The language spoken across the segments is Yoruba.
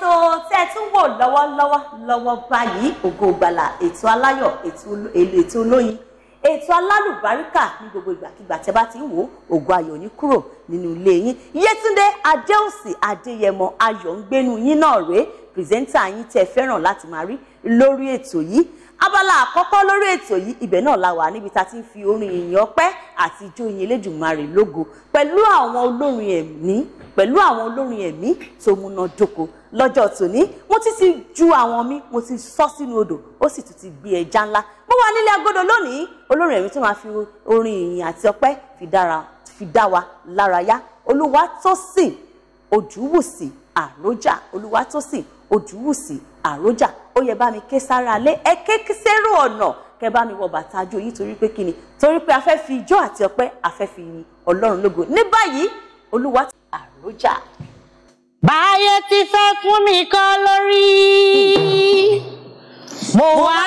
ètò tẹ́ ẹ tún wò lọ́wọ́lọ́wọ́ lọ́wọ́ báyìí ògo ìgbàlà ètò aláyọ̀ ètò olóyin ètò alálùbáríkà ní gbogbo ìgbàkigbà tẹ́ bá ti ń wò ògo ayọ̀ ní kúrò nínú ilé yín Yétúndé Adéòsì Adéyẹmọ ayọ̀ ń gbénu yín náà rèé pìrìsẹ́ńtà yín tẹ́ fẹ́ràn láti máa rí lórí ètò yìí abala àkọ́kọ́ lórí ètò yìí ibẹ̀ náà la wà níbi tá ti ń fi orin ìyìn ọpẹ́ àti ijó ìyìn Elédùmarè lógo pẹ̀lú àwọn olórin ẹ̀mí pẹ̀lú àwọn olórin ẹ̀mí tó múná dóko lọ́jọ́ tòní mo ti ti ju àwọn mi mo ti sọ sínú odò ó sì tún ti gbé ẹja ńlá mo wà nílé agodo lónìí olórin ẹ̀mí tó máa fi orin ìyìn àti ọpẹ́ fi dá wa lárayá olúwatósìn òjúwùsì àròjà olúwatósìn òjúwùsì àròjà ó yẹ bá mi ké sára lé ẹ ké sẹ́rù ọ̀nà kẹ bá mi wọ bàtà ajó yìí torí pé kíni torí pé a fi ijó àti ọpẹ́ a fi ọlọ́run lógo ní báyìí olúwa Àbújá. báyé ti fẹ́ fún mi kọ́ lórí mo wá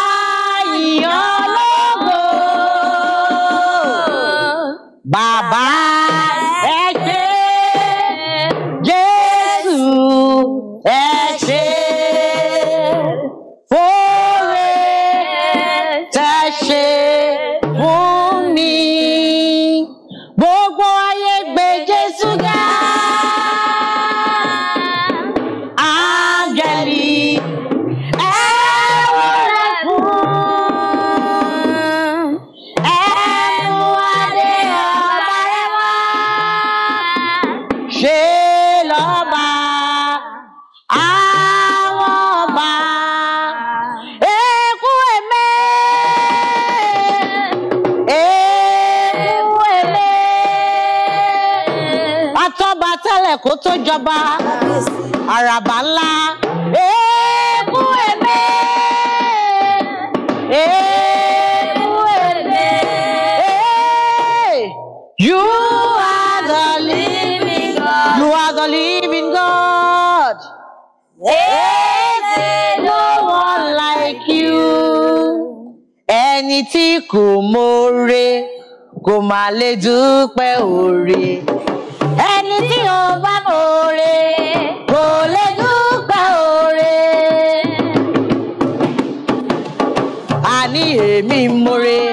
ìyàn lógo bàbá. atọ́ba tẹ́lẹ̀ kó tó jọba àràbà ńlá èébú èlé èébú èlé you are the living God you are the living God. There's no one like you. Ẹni tí kò mọ̀ọ́rẹ́ kò má lè dúpẹ́ oore ẹni tí ó bá mọ̀ọ́rẹ́ kò lè dúpẹ́ ọ̀rẹ́. àní èmi mọ̀ọ́rẹ́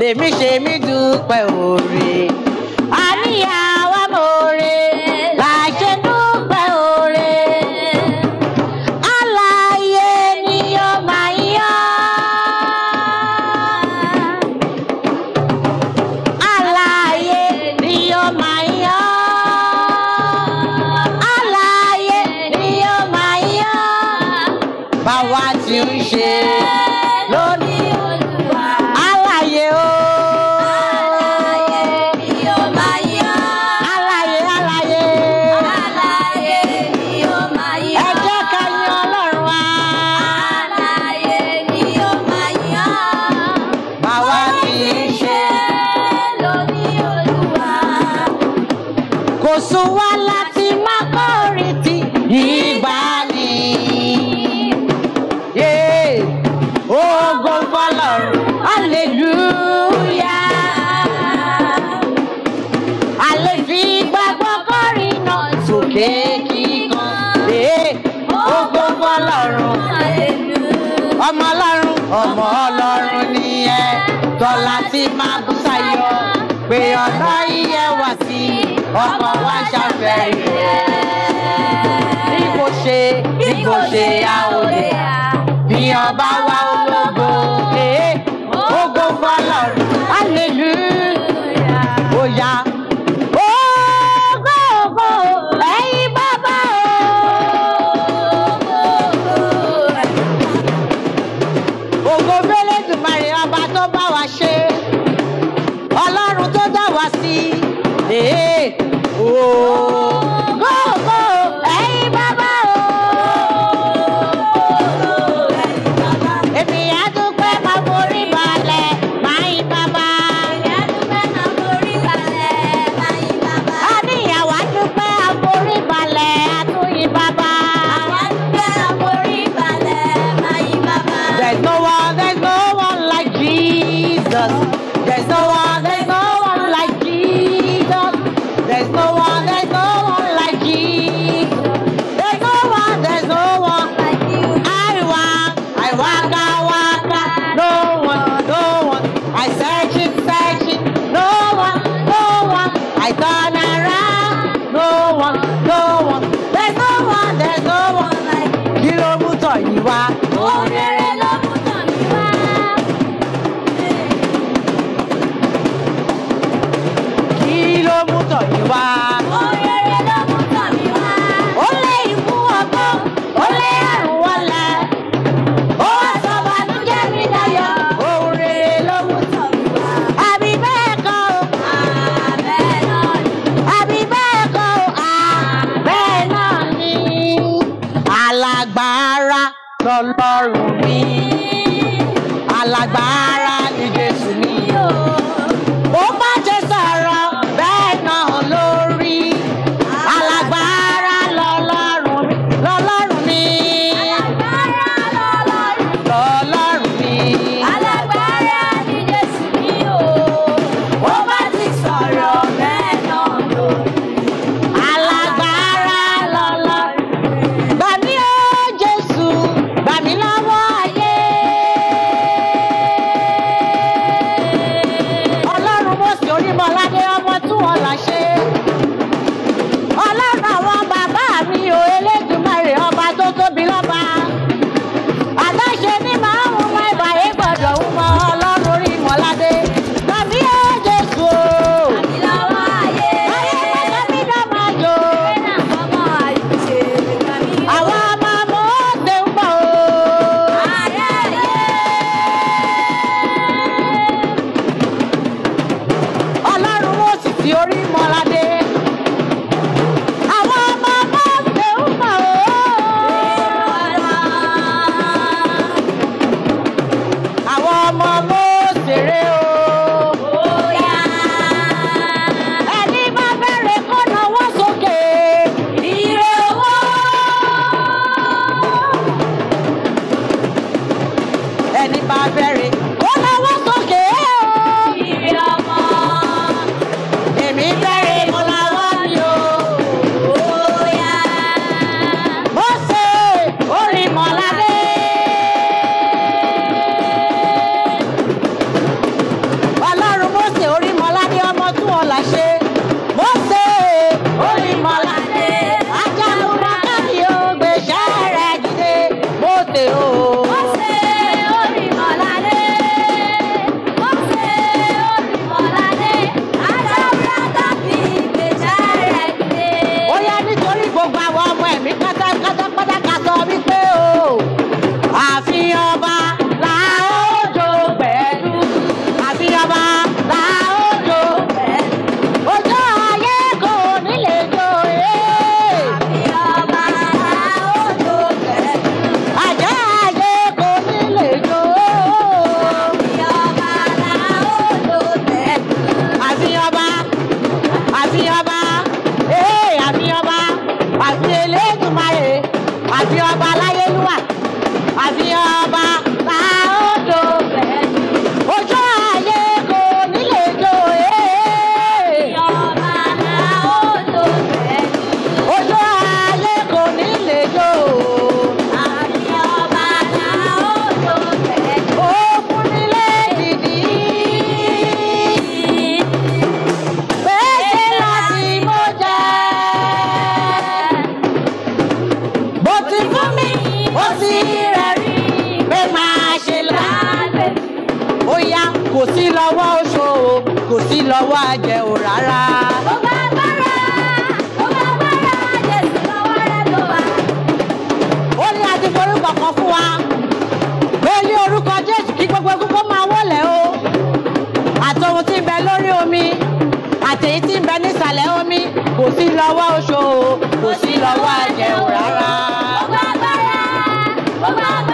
lèmi ṣe mí dúpẹ́ ọ̀rẹ́. ọmọ ọlọ́run ọmọ ọlọ́run ni ẹ tọ́lá tí máa bú sáyọ pé ọ̀dọ́ iye wá sí ọkọ̀ wá ṣàfẹ́ rẹ̀. bí kò ṣe bí kò ṣe a ò lè bí ọba wa ó. Jesus. There's no one, there's no alàgbà. àbí ọba like kò sí lọ́wọ́ oṣó o kò sí lọ́wọ́ àjẹ́ o rárá. ó bá bára ó bá bára jésù lọ́wọ́ rẹ ló wà. ó ní àti o àtọ̀hún tí ń bẹ lórí omi àtẹ̀yí tí ń bẹ nísàlẹ̀ omi kò sí lọ́wọ́ oṣó o kò sí lọ́wọ́ àjẹ́ o rárá. ó bá bára ó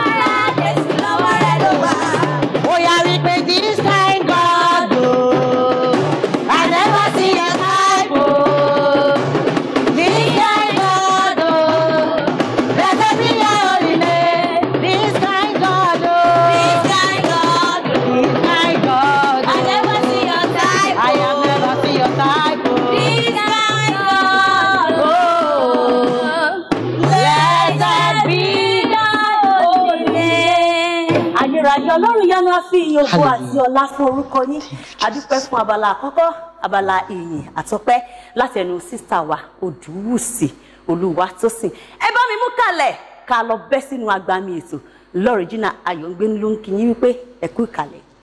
ìràyè ya yánú àfi iye ògo àti ọlá fún orúkọ yín adúpẹ́ fún abala àkọ́kọ́ abala ìyìn àtọ́pẹ́ látẹnu sísá wa Odùwùsì Olúwatósìn ẹ bá mi mú kalẹ̀ ká lọ bẹ́ sínú agbami ètò lọ́rẹ̀jìnà ló ń kí yín wípé ẹ kú